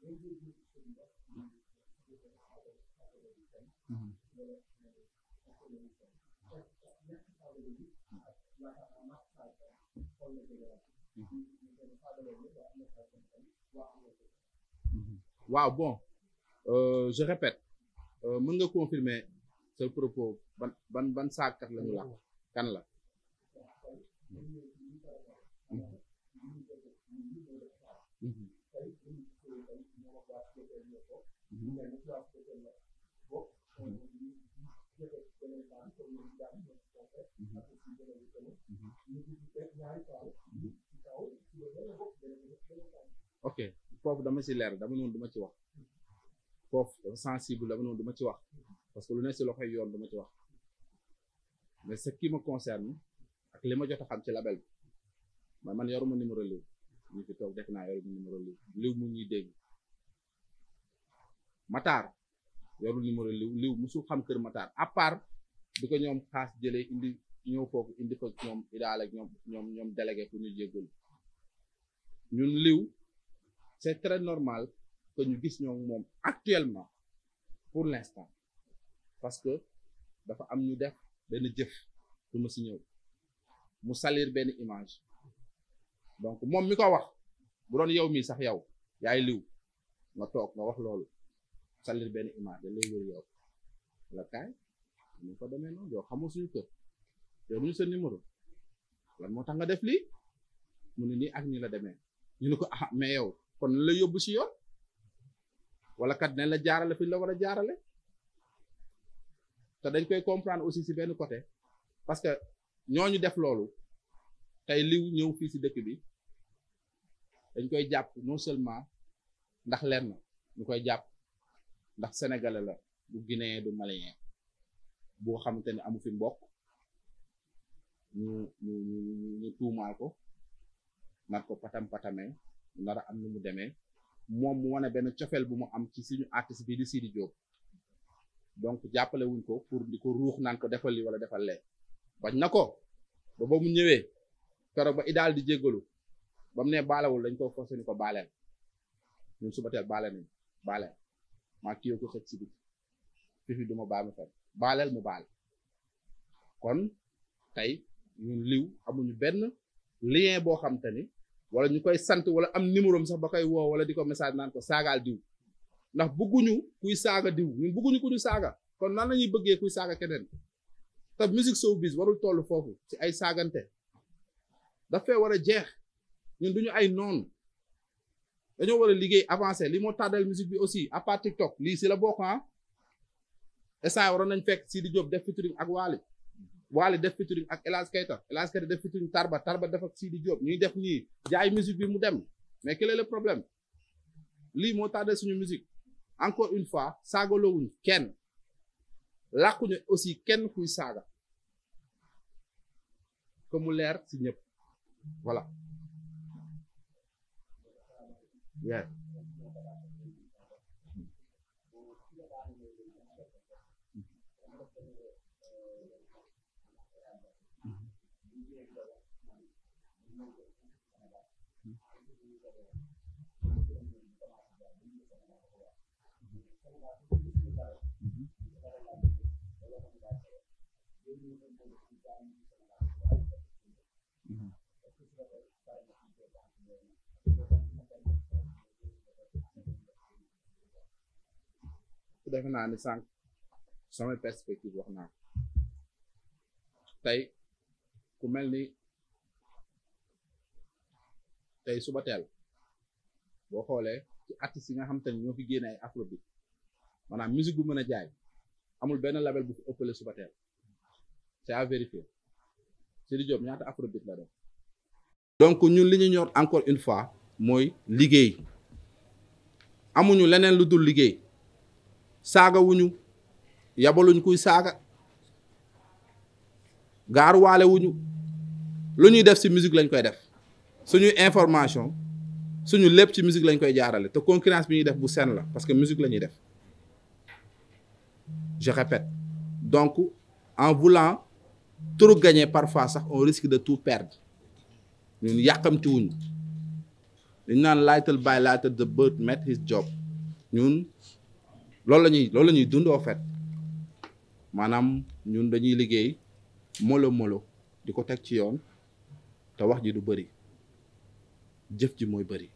Mhm. waaw bon euh, je répète euh, mën nga confirmer ce propos ban ban ban saakaat la ñu la kan la. Mhm. Mhm. Mm-hmm. Mm-hmm. ok foofu dama ci leer dama noonu duma ci wax foofu dafa sensible dama noonu du ci wax parce que lu ne si loxo yoon du ci wax mais ce qui me concerne ak li ma jot a xam ci label bi man man yoruma numéro liw ñu fi toog def naa yoruma numéro liw liw mu ñuy dégg Matar yorul numéro liw liw musul xam kër Matar à part bi ko ñoom xaas jëlee indi ñëw foofu indi fa ñoom idaal ak ñoom ñoom ñoom délégué pour ñu jéggal ñun liw c'est très normal que ñu gis ñoom moom actuellement pour l'instant parce que dafa am ñu def benn jëf du si ñëw mu salir benn image donc moom mi ko wax bu doon yow mii sax yow yaay liw nga toog nga wax loolu salir benn image da lay wër yow la kaay ñu ko demee noonu yow xamoo suñu kër yow sa numéro lan moo tax nga def lii mu ne nii ak nii la demee ñu ne ko ah mais yow kon la yóbbu si yoon wala kat ne la jaarale fi la war a jaarale te dañ koy comprendre aussi si benn côté parce que ñu def loolu tey liw ñëw fii si dëkk bi dañ koy jàpp non seulement ndax leer na ñu koy jàpp ndax sénégalais la du guinéen du malien boo xamante ne amu fi mbokk ñu ko nar ko patam patamee nar am nu mu demee moom mu wane benn cofeel bu mu am ci suñu artiste bi di Sidi Diop donc jàppale wuñ ko pour di ko ruux naan ko defal li wala defal lee bañ na ko ba ba mu ñëwee keroog ba daal di jéggalu ba mu ne baalewul dañ ko forcé ni ko baaleel ñun suba teel nañ baaleel maa kii ko xëj si biir fifi du ma baal ma fen baaleel mu baal kon tey ñun liw amuñu benn lien boo xam te ni wala ñu koy sant wala am numéro sax ba koy woo wala di ko message naan ko saagaal diw ndax bëgguñu kuy saaga diw ñun bëgguñu ku ñu saaga kon nan lañuy bëggee kuy saaga keneen te musique bis warul toll foofu ci ay saagante dafay war a jeex ñun duñu ay noon dañoo war a liggéey avancé li moo tàddal musique bi aussi à part TikTok lii si la bokk ah instant waroon nañ fekk Sidi Diop def featuring ak Wally Wally def featuring ak El Hadj Keita El Hadj Keita def featuring Tarba Tarba def ak Sidi Diop ñuy def nii jaay musique bi mu dem mais quel est problème lii moo tàddal suñu musique encore une fois saagaloowuñ kenn làkkuñu aussi kenn kuy saaga que mu leer si ñëpp voilà Yes. mm mm-hmm. mm-hmm. mm-hmm. defe naa ne sànq sama perspective wax naa tey ku mel ni tey suba teel boo xoolee ci artistes yi nga xam te ne fi génne ay afrobeat maanaam musique bu mën a jaay amul benn label bu fi ëppale suba teel c'est à vérifier Sidi ñaata afrobeat la def. donc ñun li ñu ñor encore une fois mooy liggéey amuñu leneen lu dul liggéey. saagawuñu yabaluñ kuy saaga gaaruwaale wuñu lu ñuy def si musique lañ koy def suñuy information suñu lépp ci musique lañ koy jaarale te concurrence bi ñuy def bu seen la parce que musique la ñuy def je répète donc en voulant trop gagner parfois sax on risque de tout perdre ñun yàqamti wuñu dañ naan laytal by laytal the bird met his job loolu la ñuy loolu la ñuy dund fait maanaam ñun dañuy liggéey molo molo di ko teg ci yoon te wax ji du bari jëf ji mooy bëri.